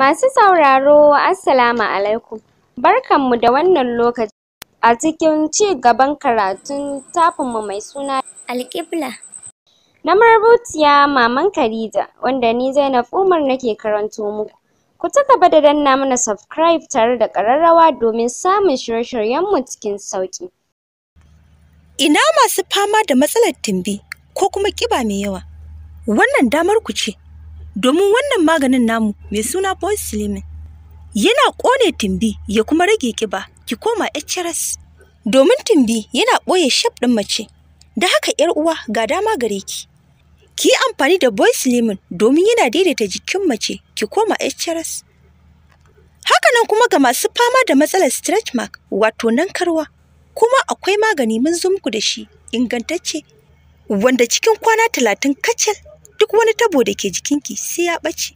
Masu sauraro Assalamu alaikum barkanmu da wannan lokaci a cikin ci gaban karatun tafinmu mai suna Alƙibla na marubuciya Maman Khadija wanda ni Zainab Umar nake karanto muku. Ku ci gaba da danna mana subscribe tare da ƙararrawa domin samun shirye-shiryenmu cikin sauƙi. Ina masu fama da matsalar timbi ko kuma ƙiba mai yawa, wannan damar ku ce. domin wannan maganin namu mai suna Boyce yana ƙone tumbi ya kuma rage ƙiba ki koma HRS domin tumbi yana ɓoye shaf ɗin mace da haka yar uwa ga dama gare ki ki yi amfani da Boyce domin yana daidaita jikin mace ki koma HRS hakanan kuma ga masu fama da matsalar stretch mark wato nan karwa, kuma akwai magani mun zo muku da shi ingantacce wanda cikin kwana talatin kacal duk wani tabo da ke jikinki sai ya ɓace.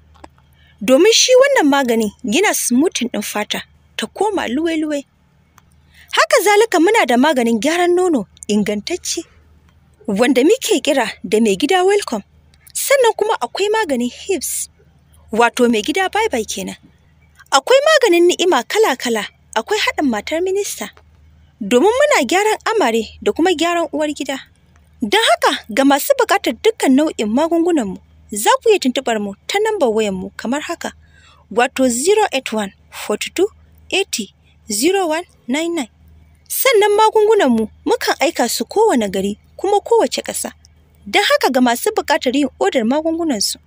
Domin shi wannan magani yana smoothing ɗin fata ta koma luwe-luwe. Haka zalika muna da maganin gyaran nono ingantacce wanda muke kira da mai gida welcome. Sannan kuma akwai maganin hips wato mai gida bye-bye kenan. Akwai maganin ni'ima kala-kala akwai haɗin matar minista domin muna gyaran amare da kuma gyaran uwar gida. Don haka ga masu buƙatar dukkan nau'in magungunanmu za ku iya tuntuɓar mu ta nambar mu kamar haka wato 081 42 80 0199. Sannan magungunanmu mukan aika su kowane gari kuma kowace ƙasa. Don haka ga masu buƙatar yin odar magungunansu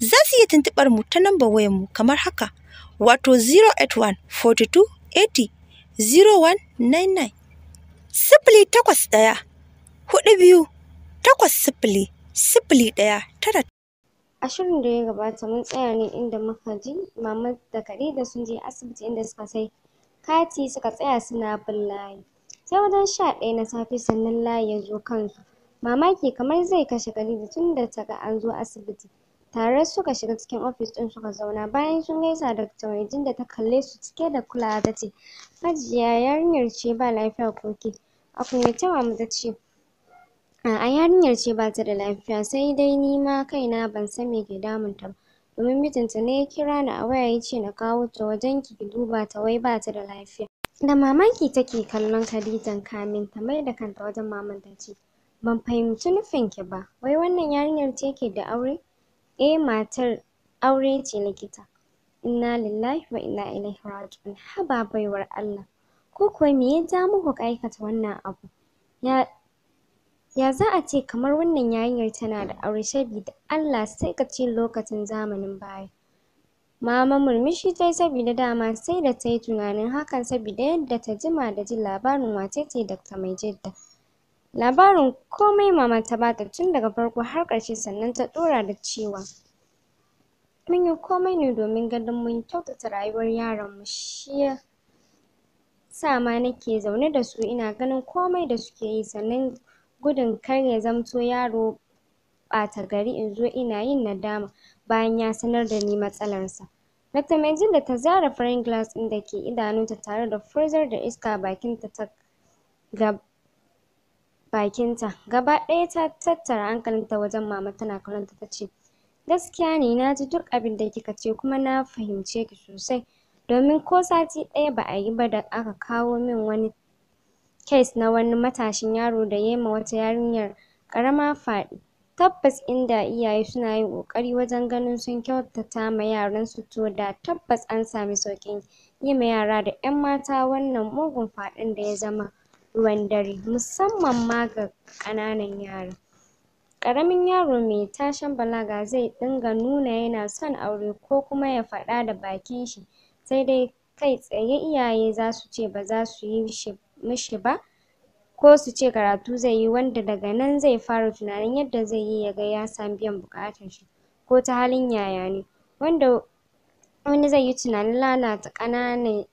za su iya tuntuɓar mu ta nambar wayanmu kamar haka wato 081 42 80 0199. Sifili takwas ɗaya hudu biyu takwas sifili sifili ɗaya tara a shirin da ya gabata mun tsaya ne inda muka ji mama da Khadija sun je asibiti inda suka sai kati suka tsaya suna bin layi sai wajen sha ɗaya na safe sannan layi ya zo kansu mamaki kamar zai kashe Khadija tun da ta ga an zo asibiti tare suka shiga cikin ofis ɗin suka zauna bayan sun gaisa da tawaijin da ta kalle su cike da kulawa ta ce hajiya yarinyar ce ba lafiya ko ke a kunyace mama ta ce A'a yarinyar ce ba ta da lafiya sai dai ni ma kaina ban san me ke ta ba. Domin mijinta ne ya kira ni a waya ya ce na kawo ta wajen ki duba ta wai ba ta da lafiya. Da mamaki take kallon Khadijan kamin ta mai da kanta wajen maman ta ce ban fahimci nufin ki ba wai wannan yarinyar ce ke da aure? Eh matar aure ce likita. Inna lillahi wa inna ilaihi raji'un. Haba baiwar Allah. Ko kuwa me ya ja muku aikata wannan abu? Ya za a ce kamar wannan yarinyar tana da aure Da Allah sai ka ce lokacin zamanin baya. Mama murmushi ta yi sabida dama sai da ta yi tunanin hakan sabida yadda ta jima da jin labarin wacece mai jidda. Labarin komai mama ta bata tun daga farko har ƙarshe sannan ta ɗora da cewa mun yi komai ne domin ganin mun kyautata rayuwar yaranmu shi sa ma nake zaune da su ina ganin komai da suke yi sannan gudun kar ya zamto yaro ɓata gari in zo ina yin nadama bayan ya sanar da ni matsalarsa. Dr. da ta zare farin glass ɗin da ke idanunta tare da furzar da iska bakinta ta ga bakinta. Gaba ɗaya ta tattara hankalinta wajen mama tana karanta ta ce, Gaskiya ne na ji duk abin da kika ce kuma na fahimce ki sosai. Domin ko sati ɗaya ba a yi ba da aka kawo min wani kes na wani matashin yaro da yayi ma wata yarinyar ƙarama faɗi Tabbas inda iyaye suna yin ƙoƙari wajen ganin sun kyautata ma yaransu to da tabbas an sami sauƙin yi ma yara da ƴan mata wannan mugun fadin da ya zama ruwan dare musamman ma ga ƙananan yara. Ƙaramin yaro mai tashen balaga zai dinga nuna yana son aure ko kuma ya faɗa da bakin shi sai dai kai tsaye iyaye za su ce ba za su yi shi mishi ba ko su ce karatu zai yi wanda daga nan zai fara tunanin yadda zai yi ya ga ya san biyan buƙatar shi ko ta halin yaya ne wanda wani zai yi tunanin lalata ƙananan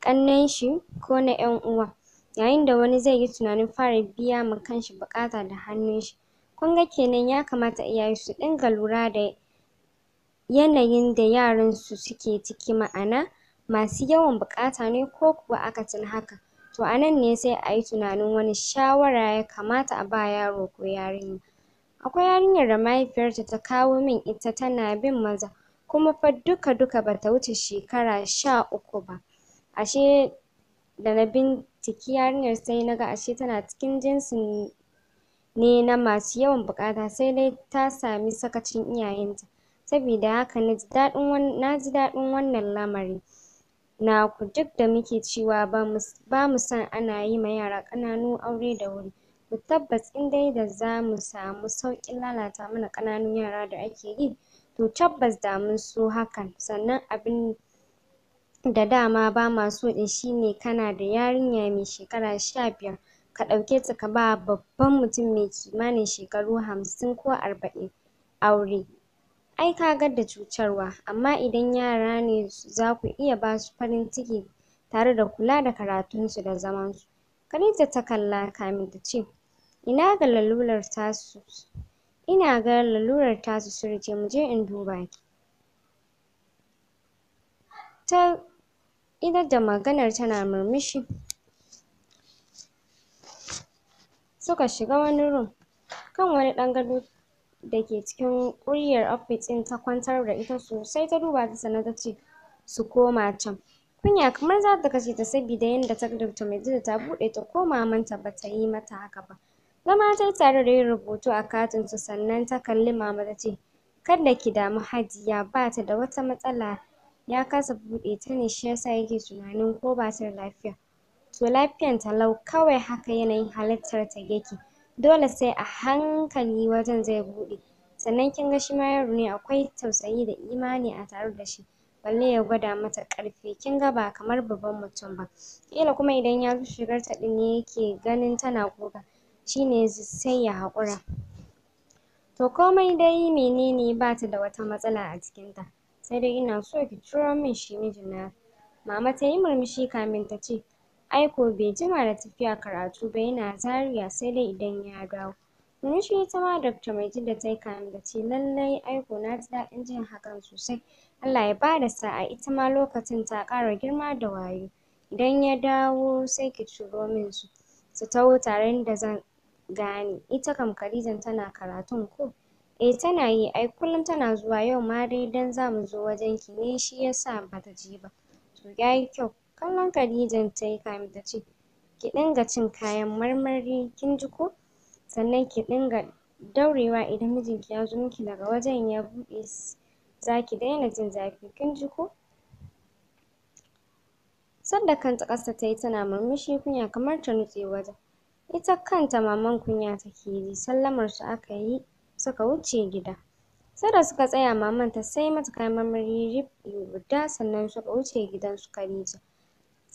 ƙannen shi ko na ƴan uwa yayin da wani zai yi tunanin fara biya ma kanshi buƙata da hannun shi kun ga kenan ya kamata iyaye su dinga lura da yanayin da yaran su suke ciki ma'ana masu yawan buƙata ne ko kuwa akasin haka to a nan ne sai a yi tunanin wani shawara ya kamata a ba yaro ko yarinya akwai yarinyar da mahaifiyarta ta kawo min ita tana bin maza kuma fa duka-duka ba ta wuce shekara sha uku ba ashe da na binciki yarinyar sai na ga ashe tana cikin jinsin ne na masu yawan buƙata sai dai ta sami sakacin iyayenta sabida haka na daɗin naji daɗin wannan lamari naku duk da muke cewa ba mu san ana yi ma yara ƙananu aure da wuri to tabbas in dai da za mu samu sauƙin lalata mana ƙananun yara da ake yi to tabbas da mun so hakan sannan abin da dama ba ma so ɗin shine kana da yarinya mai shekara sha biyar ka ɗauke ta ka ba babban mutum mai kimanin shekaru hamsin ko arba'in aure ai ka ga da cutarwa amma idan yara ne za ku iya ba su farin ciki tare da kula da karatunsu da zaman su. Khadija ta kalla kamin ta ce ina ga lalurar tasu ina ga lalurar tasu surje mu je in duba ki ta ina da maganar tana murmushi suka shiga wani room kan wani ɗan gado da ke cikin ƙuryar ofis ɗin ta kwantar da ita sosai ta duba ta sannan ta ce su koma can kunya kamar za ta kashe ta sabida yadda ta mai jida ta buɗe ta ko manta ba ta yi mata haka ba zama ta yi tare da yin rubutu a katin ta sannan ta kalli mama ta ce kada ki damu hajiya ba ta da wata matsala ya kasa buɗe ta ne shi yasa yake tunanin ko ba ta da lafiya to lafiyanta lau kawai haka yanayin halittar ta yake dole sai a hankali wajen zai buɗe sannan kin ga shi ma yaro ne akwai tausayi da imani a tare da shi balle ya gwada mata ƙarfi kin ga ba kamar babban mutum ba ƙila kuma idan ya ga shigar ta ɗin ne yake ganin tana kuka shi ne sai ya haƙura to komai dai menene ba ta da wata matsala a cikinta sai dai ina so ki ciro min shi mijina mama ta yi murmushi kamin ta ce aiko bai jima da tafiya karatu ba yana Zaria sai dai idan ya dawo. shi ita ma Dr. Maiduguri ta yi kamin da ce lallai ai ko na ji daɗin jin hakan sosai. Allah ya ba da sa'a ita ma lokacin ta ƙara girma da wayo. Idan ya dawo sai ki ciro min su, su taho tare da zan gane. Ita kam Khadijan tana karatun ko? Eh tana yi ai kullum tana zuwa yau ma dai don za mu zo wajenki ne shi ya sa ba ta je ba. To ya yi kyau. Kallon Khadijan ta yi kafin ta ce, ki dinga cin kayan marmari kin ji ko? Sannan ki dinga daurewa idan mijinki ya zo miki daga wajen ya buɗe za ki daina jin zafi kin ji ko? Sadda kanta ƙasa ta yi tana murmushi kunya kamar ta nutse wajen. Ita kanta maman kunya take ji, su aka yi suka wuce gida. Sai da suka tsaya maman ta sai mata kayan marmari rib guda sannan suka wuce gidan gidansu Khadija.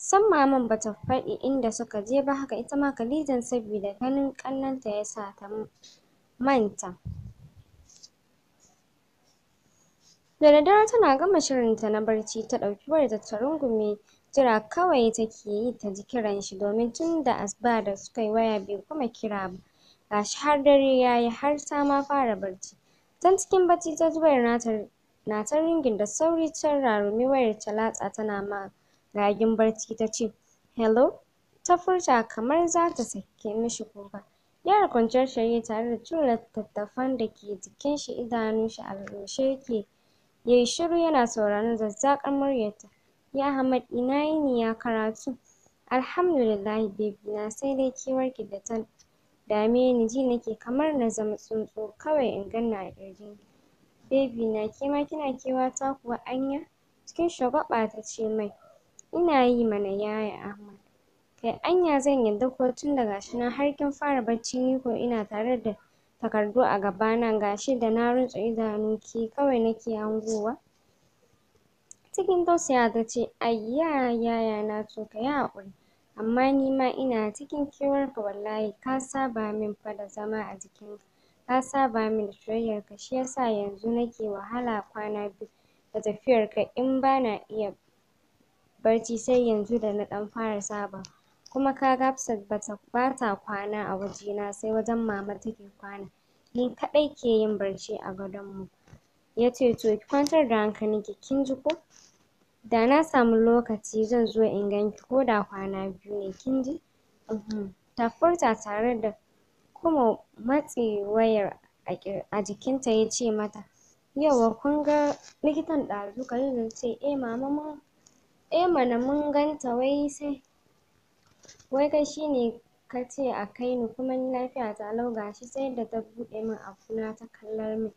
san maman bata faɗi inda suka je ba haka ita ma Khadijan sabida ganin ya sa ta manta da daddare tana gama shirinta na barci ta ɗauki wayarta ta rungume jira kawai take yi ta ji kiran shi domin tun da asuba da suka yi waya bai kuma kira ba gashi har dare ya yi har ta ma fara barci can cikin barci ta ji wayar nata na ta ringin da sauri ta rarumi wayar ta latsa tana ma ragin barci ta ce hello ta furta kamar za ta sake mishi kuka gyara kwanciyar shi tare da cire littattafan da ke jikin shi idanun shi a rushe yake yi shiru yana sauraron zazzakar muryarta ya hamad ina yini ya karatu alhamdulillahi baby na sai dai kewar ki da ta dame ni ji nake kamar na zama tsuntsu kawai in ganni a ƙirjin baby na kima kina kewa ta kuwa anya cikin shagwaba ta ce mai ina yi mana yaya Ahmad kai anya zan yarda tun tunda gashi nan har kin fara barci ni ko ina tare da takardu a gaba gabana gashi da na rantse idanu ke kawai nake hangowa cikin tausayawa tace ayya na to kayi haƙuri amma nima ina cikin ka wallahi ka saba min fa da zama a jikinka ka saba min da soyayyarka shiyasa yanzu nake wahala kwana biyu da tafiyarka in bana iya barci sai yanzu da na ɗan fara saba kuma ka ga Hafsat bata bata kwana a wajena sai wajen mama take kwana ni kaɗai ke yin barci a gadonmu yace to ki kwantar da hankalinki kin ji ko da na samu lokaci zan zo in ganki ko da kwana biyu ne kin ji uhum ta furta tare da kuma matse wayar a jikinta yace mata yauwa kun ga likitan ɗazu Khadija tace eh mama mun Eh mana mun ganta wai sai wai kai shi ka ce a kai ni kuma ni lafiya ta lau ga shi sai da ta buɗe min abuna ta kallar min.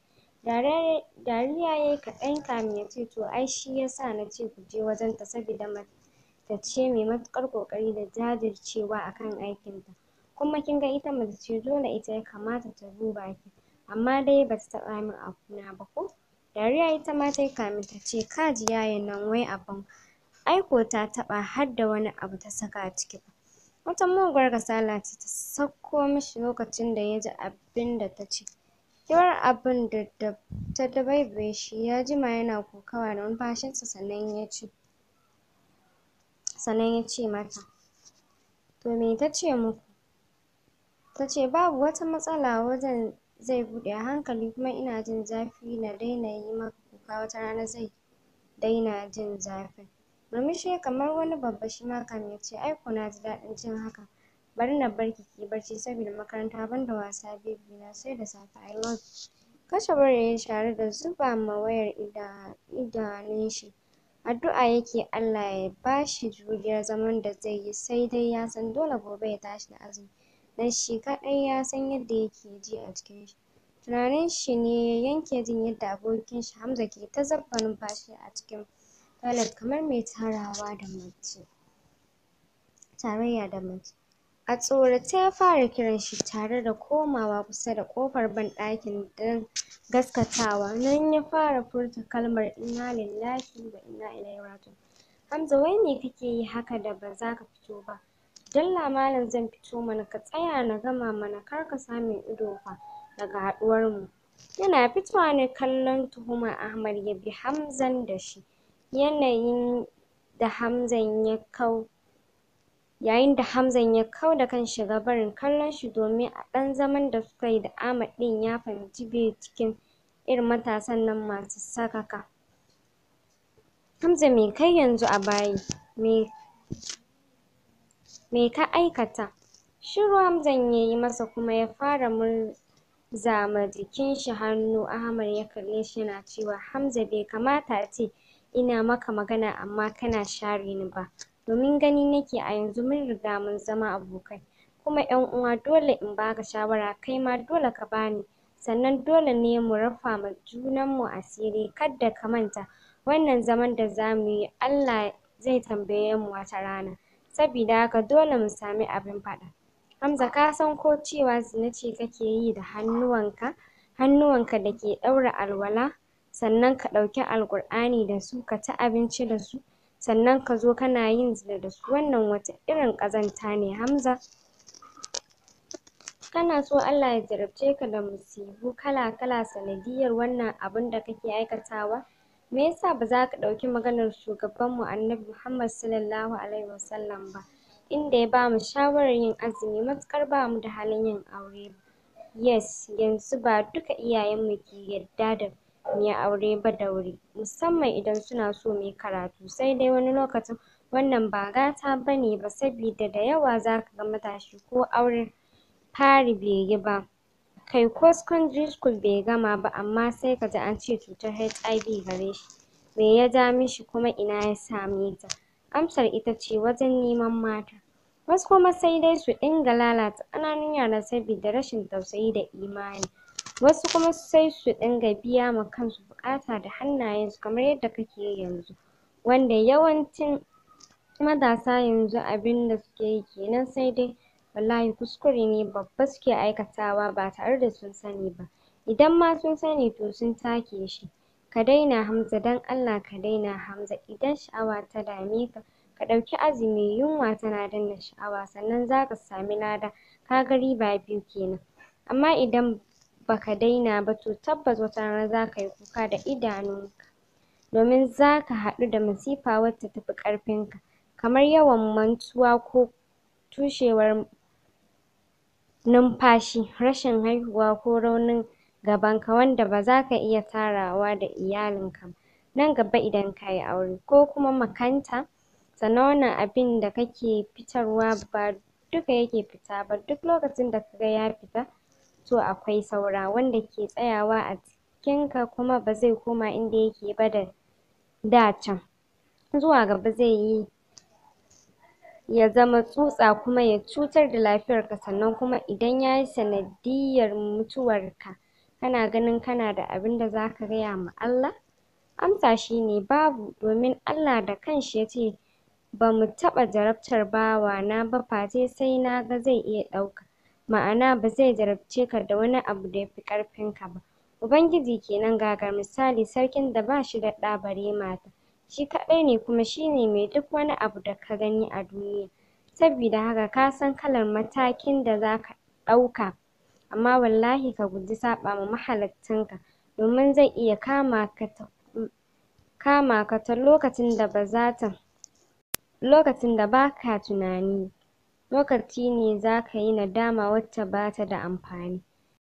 Dariya ya yi kaɗan kamin ya ce to ai shi ya sa na ce ku je wajenta saboda mace ce mai matuƙar ƙoƙari da jajircewa a kan aikinta. Kuma kin ga ita mace ce dole ita ya kamata ta duba ki. Amma dai ba ta taɓa min abuna ba ko. Dariya ita ma ta yi kamin ta ce ka ji yayin nan wai abin Aiko ta taɓa har da wani abu ta saka a ciki ba. wata muguwar kasala ce ta sauko mishi lokacin da ya ji abinda ta ce abin abinda ta dabaibaye shi ya jima yana kokawa da numfashinsa sannan ya ce sannan ya ce mata to me ta ce muku ta ce babu wata matsala wajen zai buɗe a hankali kuma ina jin zafi na daina yi maka kuka wata rana zai daina jin zafin murmushi kamar wani babba shi shima kam ce ai na ji daɗin jin haka bari na barki kiyi barci saboda makaranta banda wasa baby na sai da safe i love you kashe wayar yayi da zuba ma wayar ida idanun shi addu'a yake Allah ya bashi juriyar zaman da zai yi sai dai yasan dole gobe ya tashi da azumi dan shi kaɗai san yadda yake ji a jikin shi tunanin shi ne ya yanke jin yadda abokin shi Hamza ke ta zabba numfashi a cikin Khalid kamar mai tarawa da mace tarayya da mace a tsorace ya fara kiran shi tare da komawa kusa da ƙofar banɗakin don gaskatawa nan ya fara furta kalmar inna lillahi wa inna ilaihi raji'un Hamza wai me kake yi haka da ba za ka fito ba dalla malam zan fito mana ka tsaya na gama mana kar ka sa min ido fa daga haɗuwar mu yana fitowa ne kallon tuhumar Ahmad ya bi Hamzan da shi yanayin da Hamzan ya kau yayin da Hamzan ya kau da kan ga barin kallon shi domin a ɗan zaman da suka yi da Ahmad ɗin ya fahimci bai cikin irin matasan nan masu sakaka. Hamza me kai yanzu a bayi? Me me ka aikata? Shiru Hamzan ya yi masa kuma ya fara murza ma jikin shi hannu Ahmad ya kalle shi yana cewa Hamza bai kamata a ce ina maka magana amma kana share ni ba domin gani nake a yanzu mun riga mun zama abokai kuma ƴan uwa dole in baka shawara Kai ma dole ka bani sannan dole ne mu rafa ma junanmu asiri kada ka manta wannan zaman da zamu yi Allah zai tambaye mu wata rana sabida haka dole mu sami abin faɗa Hamza ka san ko cewa zina ce kake yi da hannuwanka hannuwanka da ke ɗaura alwala sannan ka ɗauki alƙur'ani da su ka ci abinci da su sannan ka zo kana yin zina da su wannan wata irin ƙazanta ne Hamza kana so Allah ya jarabce ka da musibu kala-kala sanadiyyar wannan abun da kake aikatawa me yasa ba za ka ɗauki maganar shugabanmu Annabi Muhammad sallallahu alaihi wasallam ba inda ya bamu shawarar yin azumi matuƙar mu da halin yin aure yes yanzu ba duka iyayenmu ke yarda da mu aure ba da wuri musamman idan suna so mu karatu sai dai wani lokacin wannan ba gata ba ne ba sabida da yawa za ka ga matashi ko auren fari bai yi ba kai ko secondary school bai gama ba amma sai ka ji an ce cutar HIV gare shi me ya ja mishi kuma ina ya same ta amsar ita ce wajen neman mata wasu kuma sai dai su dinga lalata ƙananun yara sabida rashin tausayi da imani wasu kuma sai su dinga biya ma kansu bukata da hannayensu kamar yadda kake yi yanzu wanda yawancin matasa yanzu abinda suke yi kenan sai dai wallahi kuskure ne babba suke aikatawa ba tare da sun sani ba idan ma sun sani to sun take shi ka daina Hamza don Allah ka daina Hamza idan sha'awa ta dame ka ka ɗauki azumi yunwa tana danna sha'awa sannan zaka sami lada ka ga riba biyu kenan amma idan baka daina ba to tabbas wata rana za ka yi kuka da idanunka domin za ka haɗu da masifa wacce fi ƙarfinka kamar yawan mantuwa ko tushewar numfashi rashin haihuwa ko raunin gabanka wanda ba za ka iya tarawa da iyalinka ba nan gaba idan ka yi aure ko kuma makanta sannan wannan da kake fitarwa ba duka yake fita ba duk lokacin da ka ga ya fita to akwai saura wanda ke tsayawa a ka kuma ba zai koma inda yake ba da da can zuwa gaba zai yi ya zama tsutsa kuma ya cutar da lafiyarka sannan kuma idan ya yi sanadiyyar mutuwarka kana ganin kana da abin da za ka gaya ma Allah amsa shi ne babu domin Allah da kanshi ya ce ba mu taɓa jarabtar bawa na ba face sai na ga zai iya ɗauka ma'ana ba zai jarabce ka da wani abu da ya fi ƙarfinka ba ubangiji kenan gagar misali sarkin da ba shi da ɗa bare mata shi kaɗai ne kuma shi ne mai duk wani abu da ka gani a duniya sabida haka ka san kalar matakin da za ka ɗauka amma wallahi ka guji saɓa ma ka domin zai iya kama ka ta kama ka ta lokacin da ba za ta lokacin da ba tunani lokaci ne za ka yi nadama wacce ba ta da amfani.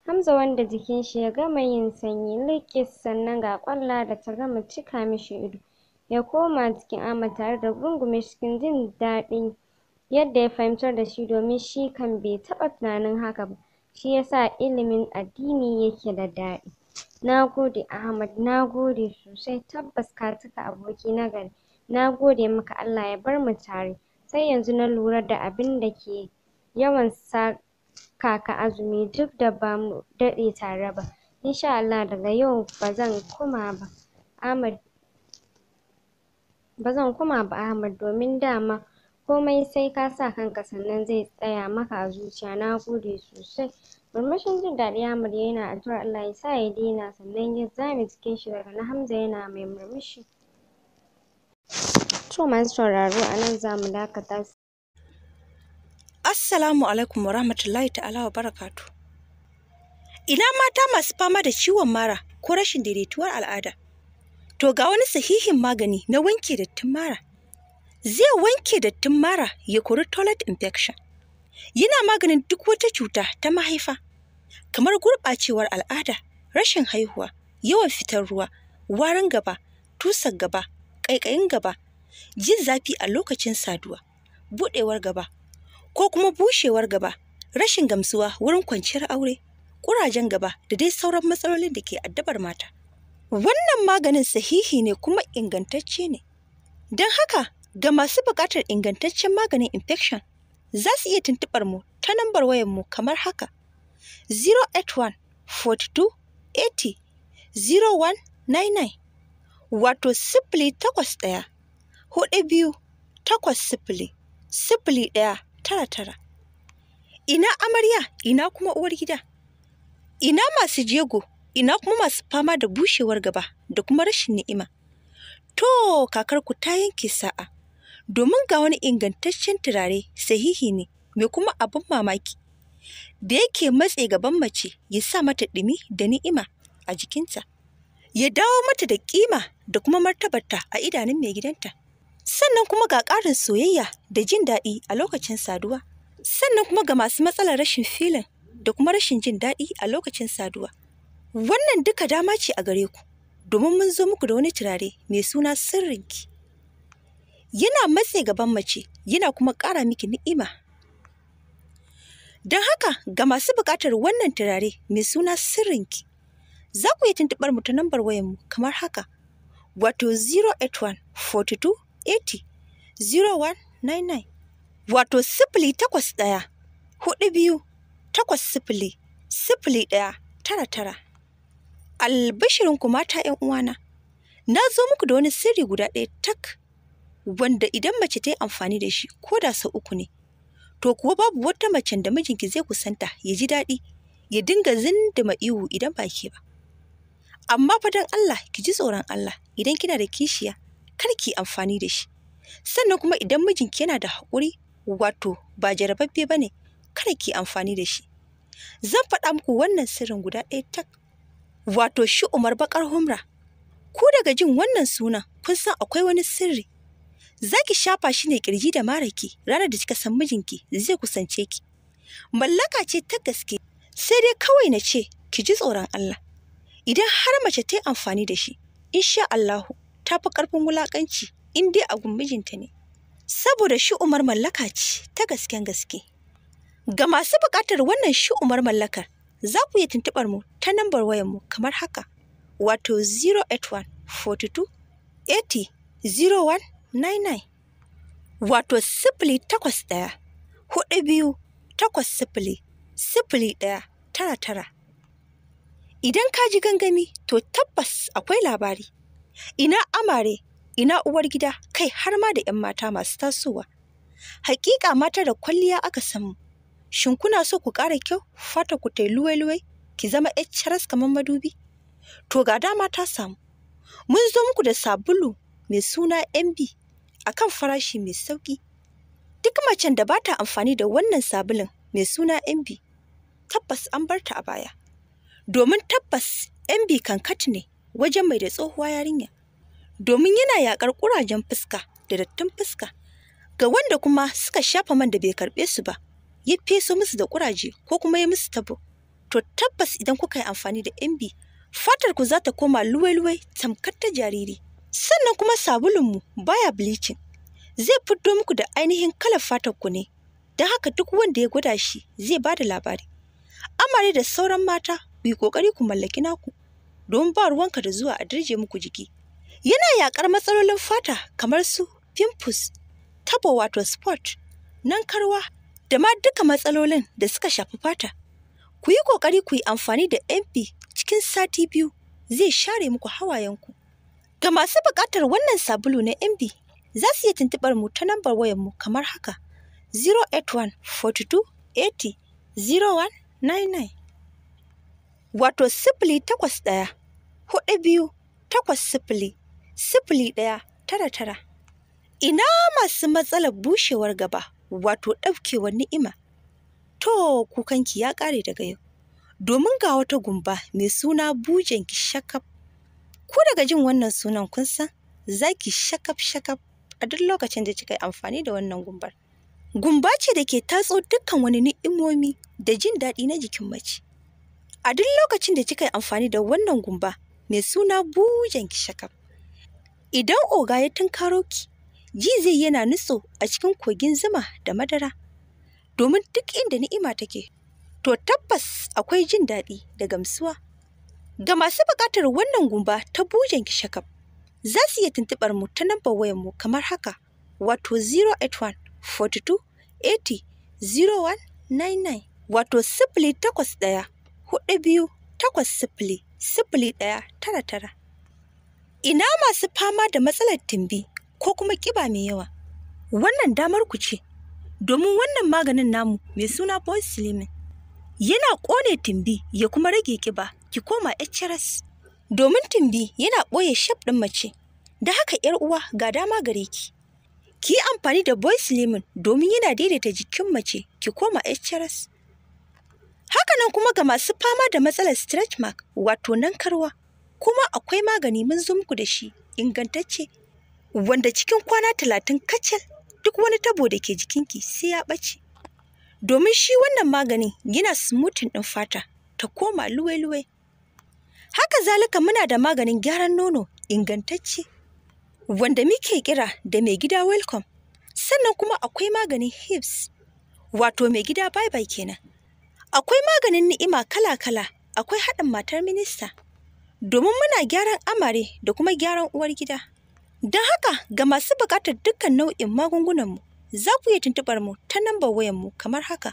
Hamza wanda jikin shi ya gama yin sanyi liƙis sannan ga ƙwalla da ta gama cika mishi ido ya koma cikin Ahmad tare da gungume cikin jin daɗin yadda ya fahimtar da shi domin shi kan bai taɓa tunanin haka ba shi ya sa ilimin addini yake da daɗi. Na gode Ahmad, na gode sosai tabbas ka cika aboki na gari, na gode maka Allah ya bar mu tare. sai yanzu na lura da abin da ke yawan kaka azumi duk da ba mu daɗe tare ba insha Allah daga yau bazan koma ba Ahmad kuma ba Ahmad domin dama komai sai ka sa kanka sannan zai tsaya maka a zuciya na gode sosai murmushin jin daɗi Ahmad yana addu'ar Allah ya sa ya daina sannan ya zame cikin shi daga na Hamza yana mai murmushi To masu sauraro a nan za mu dakata. Assalamu alaikum wa rahmatullahi ta'ala wa barakatu. Ina mata masu fama da ciwon mara ko rashin daidaituwar al'ada. To ga wani sahihin magani na wanke dattin mara. Zai wanke dattin mara ya kori toilet infection. Yana maganin duk wata cuta ta mahaifa, kamar gurɓacewar al'ada, rashin haihuwa, yawan fitar ruwa, warin gaba, tusar gaba, ƙaiƙayin gaba, jin zafi a lokacin saduwa buɗewar gaba ko kuma bushewar gaba rashin gamsuwa wurin kwanciyar aure ƙurajen gaba da dai sauran matsalolin da ke addabar mata wannan maganin sahihi ne kuma ingantacce ne don haka ga masu buƙatar ingantaccen maganin infection za su iya tuntuɓar mu ta nambar wayar mu kamar haka 081 42 80 0199 wato sifili takwas ɗaya hudu biyu takwas sifili sifili ɗaya tara tara ina amarya ina kuma uwar gida ina masu jego ina kuma masu fama da bushewar gaba da kuma rashin ni'ima to kakarku ta yanke sa'a domin ga wani ingantaccen turare sahihi ne mai kuma abin mamaki da yake matse gaban mace ya sa mata ɗumi da ni'ima a jikinta ya dawo mata da kima da kuma martabarta a idanun mai gidanta. sannan kuma ga ƙarin soyayya da jin daɗi a lokacin saduwa sannan kuma ga masu matsalar rashin filin da kuma rashin jin daɗi a lokacin saduwa wannan duka dama ce a gare ku domin mun zo muku da wani turare mai suna sirrinki yana matse gaban mace yana kuma ƙara miki ni'ima don haka ga masu buƙatar wannan turare mai suna sirrinki za ku yi tuntuɓar mu ta nambar wayanmu kamar haka wato 081 42 0199 wato sifili takwas ɗaya hudu biyu takwas sifili sifili ɗaya tara tara albishirinku mata 'yan uwana na zo muku da wani sirri guda ɗaya tak wanda idan mace ta yi amfani da shi ko da sau uku ne to kuwa babu wata mace da mijinki zai kusanta ya ji daɗi ya dinga zindima ihu idan ba ke ba amma fa don Allah ki ji tsoron Allah idan kina da kishiya kar ki amfani da shi sannan kuma idan mijinki yana da haƙuri wato ba jarababbe ba ne kar ki amfani da shi zan faɗa muku wannan sirrin guda ɗaya tak wato shi umar baƙar humra ku daga jin wannan sunan kun san akwai wani sirri za ki shafa shi ne kirji da maraki ranar da kika san mijinki zai kusance ki mallaka ce ta gaske sai dai kawai na ce ki ji tsoron Allah idan har mace ta yi amfani da shi insha Allahu ta fi ƙarfin wulaƙanci in dai a mijinta ne saboda shi umar mallaka ce ta gasken gaske ga masu buƙatar wannan shi umar mallakar za ku iya tuntuɓar mu ta nambar wayar mu kamar haka wato 081 42 80 01 99. wato sifili takwas ɗaya hudu biyu takwas sifili sifili ɗaya tara tara idan ka ji gangami to tabbas akwai labari ina amare ina uwar gida kai har ma da 'yan mata masu tasowa hakika mata da kwalliya aka samu shin kuna so ku ƙara kyau fata ku tai luwai-luwai ki zama HRS kamar madubi to ga dama ta samu mun zo muku da sabulu mai suna MB akan farashi mai sauki duk macen da ba ta amfani da wannan sabulun mai suna MB tabbas an bar ta a baya domin tabbas MB kankat ne wajen mai da tsohuwa yarinya domin yana yakar kurajen fuska da dattin fuska ga wanda kuma suka shafa man da bai karbe su ba ya feso musu da kuraje ko kuma ya musu tabo to tabbas idan kuka yi amfani da MB fatar ku za ta koma luwai-luwai tamkar ta jariri sannan kuma sabulun mu baya bleaching zai fito muku da ainihin kalar fatar ku ne don haka duk wanda ya gwada shi zai ba da labari amare da sauran mata ku yi kokari ku mallaki naku Don ba ruwanka da zuwa a dirje muku jiki. Yana yakar matsalolin fata kamar su pimples, tabo wato spot, nankarwa da ma duka matsalolin da suka shafi fata. Ku yi ƙoƙari ku yi amfani da MP cikin sati biyu zai share muku hawayenku. Ga masu buƙatar wannan sabulu na MB za su iya tuntuɓar mu ta nambar wayarmu kamar haka 081 42 80 0199. wato sifili takwas ɗaya hudu biyu takwas sifili sifili ɗaya tara tara ina masu matsalar bushewar gaba wato ɗaukewar ni'ima to kukanki ya ƙare daga yau domin ga wata gumba mai suna bujenki shakaf Ko daga jin wannan sunan kun san za ki shakaf shakaf a duk lokacin da kika yi amfani da wannan gumbar gumba ce da ke tatso dukkan wani ni'imomi da jin daɗi na jikin mace A duk lokacin da kika yi amfani da wannan gumba mai suna bujen kishakam. Idan oga ya tunkaro ki, ji zai yana nutso a cikin kogin zuma da madara. Domin duk inda ni'ima take, to tabbas akwai jin daɗi da gamsuwa. Ga masu buƙatar wannan gumba ta bujen kishakam, za su iya tuntuɓar mu ta nambar wayanmu mu kamar haka, wato 081 42 80 0199 wato sifili takwas ɗaya hudu biyu takwas sifili sifili ɗaya tara tara. Ina masu fama da matsalar timbi ko kuma ƙiba mai yawa? Wannan damar ku ce, domin wannan maganin namu mai suna Slimming. yana ƙone timbi ya kuma rage ƙiba ki koma HRS. Domin timbi yana ɓoye shaf ɗin mace, da haka ‘yar uwa ga dama gare ki. Ki yi amfani da Slimming domin yana daidaita jikin mace ki koma HRS. Hakanan kuma ga masu fama da matsalar stretch mark wato nan karwa kuma akwai magani mun zo muku da shi ingantacce wanda cikin kwana talatin kacal duk wani tabo da ke jikinki sai ya ɓace. Domin shi wannan magani yana smoothing ɗin fata ta koma luwe-luwe. Haka zalika muna da maganin gyaran nono ingantacce wanda muke kira da mai gida welcome sannan kuma akwai maganin hips wato mai gida bye-bye kenan. Akwai maganin ni'ima kala-kala, akwai haɗin matar minista. Domin muna gyaran amare da kuma gyaran uwar gida. Don haka ga masu buƙatar dukkan nau'in magungunanmu, za ku iya tuntuɓar mu ta nambar wayanmu kamar haka,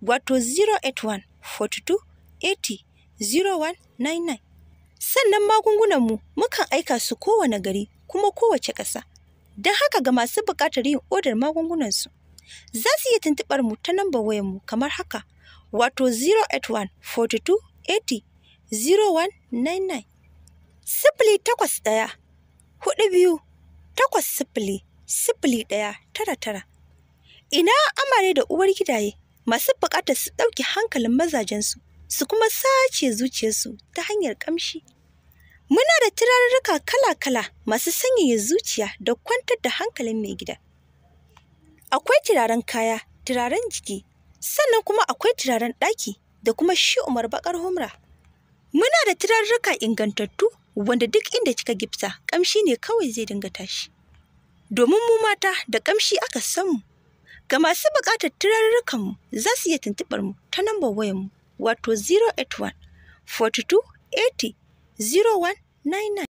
wato 081 42 80 0199. Sannan magungunanmu mukan aika su kowane gari kuma kowace ƙasa. Don haka ga masu buƙatar yin odar magungunansu, za su iya tuntuɓar mu ta nambar wayanmu kamar haka, wato 081 42 80 0199 sifili takwas ɗaya hudu biyu takwas sifili sifili ɗaya tara tara ina amare da uwar gidaye masu buƙatar su ɗauki hankalin mazajensu su kuma sace zuciyarsu ta hanyar ƙamshi muna da turarruka kala-kala masu sanyaya zuciya da kwantar da hankalin mai gida akwai turaren kaya turaren jiki sannan kuma akwai turaren ɗaki da kuma shi umar bakar humra muna da turarraka ingantattu wanda duk inda kika gipsa ƙamshi ne kawai zai dinga tashi domin mu mata da ƙamshi aka samu ga masu buƙatar turarrukan mu za su iya tuntuɓar mu ta nambar wayar mu wato 081 42 80 0199